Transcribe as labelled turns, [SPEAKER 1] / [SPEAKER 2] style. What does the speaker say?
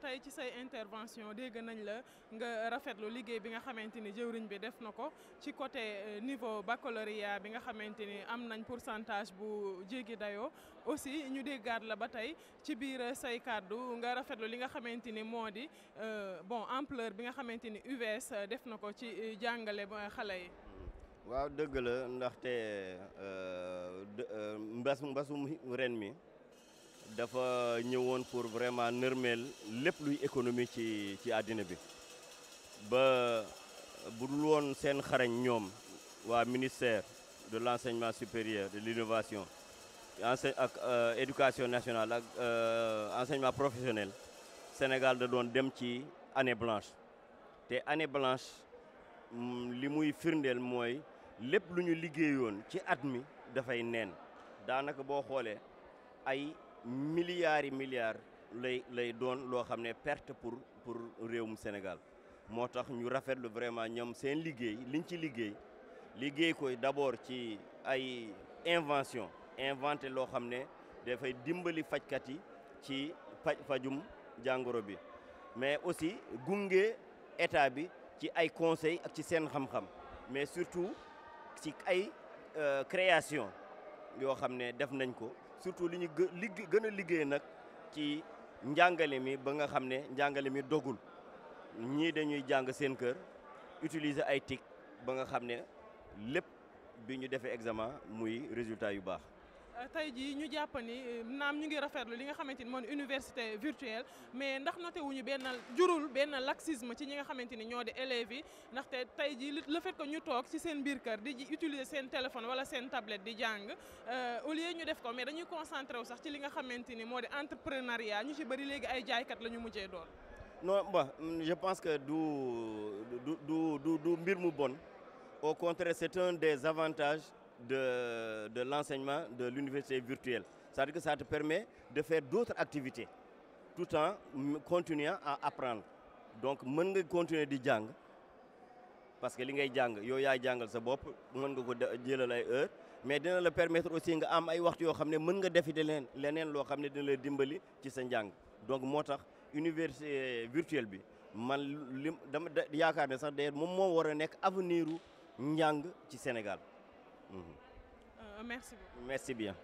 [SPEAKER 1] tey ci say intervention dégg nañ la nga rafetlu liggéey bi nga xamante ni jëwriñ bi def na ko ci côté euh, niveau baccalauréat bi nga xamante ni am nañ pourcentage bu jéggi dayoo aussi ñu déggaat la ba tey ci biir say kàddu nga rafetlu li nga xamante ni moo di euh, bon ampleur bi nga xamante ni UVS def na ko ci euh, jàngale ba xale yi.
[SPEAKER 2] waaw dëgg la ndaxte mbasu mbasum ren mi. dafa ñëwoon pour vraiment nërmeel lépp luy économie ci ci àddina bi ba bu woon seen xarañ ñoom waa ministère de l'enseignement supérieur de l'innovation ense ak euh, éducation nationale ak euh, enseignement professionnel Sénégal da doon dem ci année blanche te année blanche mm, li muy firndeel mooy lépp lu ñu liggéeyoon ci at mi dafay neen daanaka boo xoolee ay milliards yi milliards lay lay doon loo xam ne perte pour pour réewum Sénégal moo tax ñu rafetlu vraiment ñoom seen liggéey liñ ci liggéey liggéey koy d'abord ci ay invention inventé loo xam ne dafay dimbali fajkat yi ci faj fajum jàngoro bi mais aussi gunge état bi ci ay conseil ak ci seen xam-xam mais surtout ci ay euh, création yoo xam ne def nañ ko surtout li ñu gë gën a liggéey nag ci njàngale mi ba nga xam ne njàngale mi dogul ñii dañuy jàng seen kër utiliser ay TIC ba nga xam ne lépp bi ñu defee examen muy résultat yu baax.
[SPEAKER 1] tey jii ñu jàpp ni euh, naam ñu ngi rafetlu li nga xamante ni moom université virtuelle mais ndax noté wuñu benn jurul benn laxisme ci ñi nga xamante ni ñoo di élèves yi ndaxte tey jii le fait que ñu toog ci seen biir kër di utiliser seen téléphone wala seen tablette di jàng euh, au lieu ñu def ko mais dañuy concentré wu sax ci li nga xamante ni moo di entrepreneuriat ñu ci bëri léegi ay jaaykat la ñu mujjee doon.
[SPEAKER 2] non bon je pense que du du du du mbir mu bon au contraire des avantages. de, de l'enseignement de l'université virtuelle. cest à que ça te permet de faire d'autres activités tout en continuant à apprendre. Donc, mën nga continuer di jàng parce que li ngay jàng apprends, yow yaay jangal sa bopp mën nga ko jëlal ay heure mais dina la permettre aussi nga am ay waxtu xam ne mën nga défi leneen loo xam ne dina la dimbali ci sa jang donc moo tax université virtuelle bi man lim dama yaakaar ne sax d'ailleurs moom moo war a nekk avenir u njàng ci Sénégal Mmh.
[SPEAKER 1] Euh, merci beaucoup.
[SPEAKER 2] Merci bien.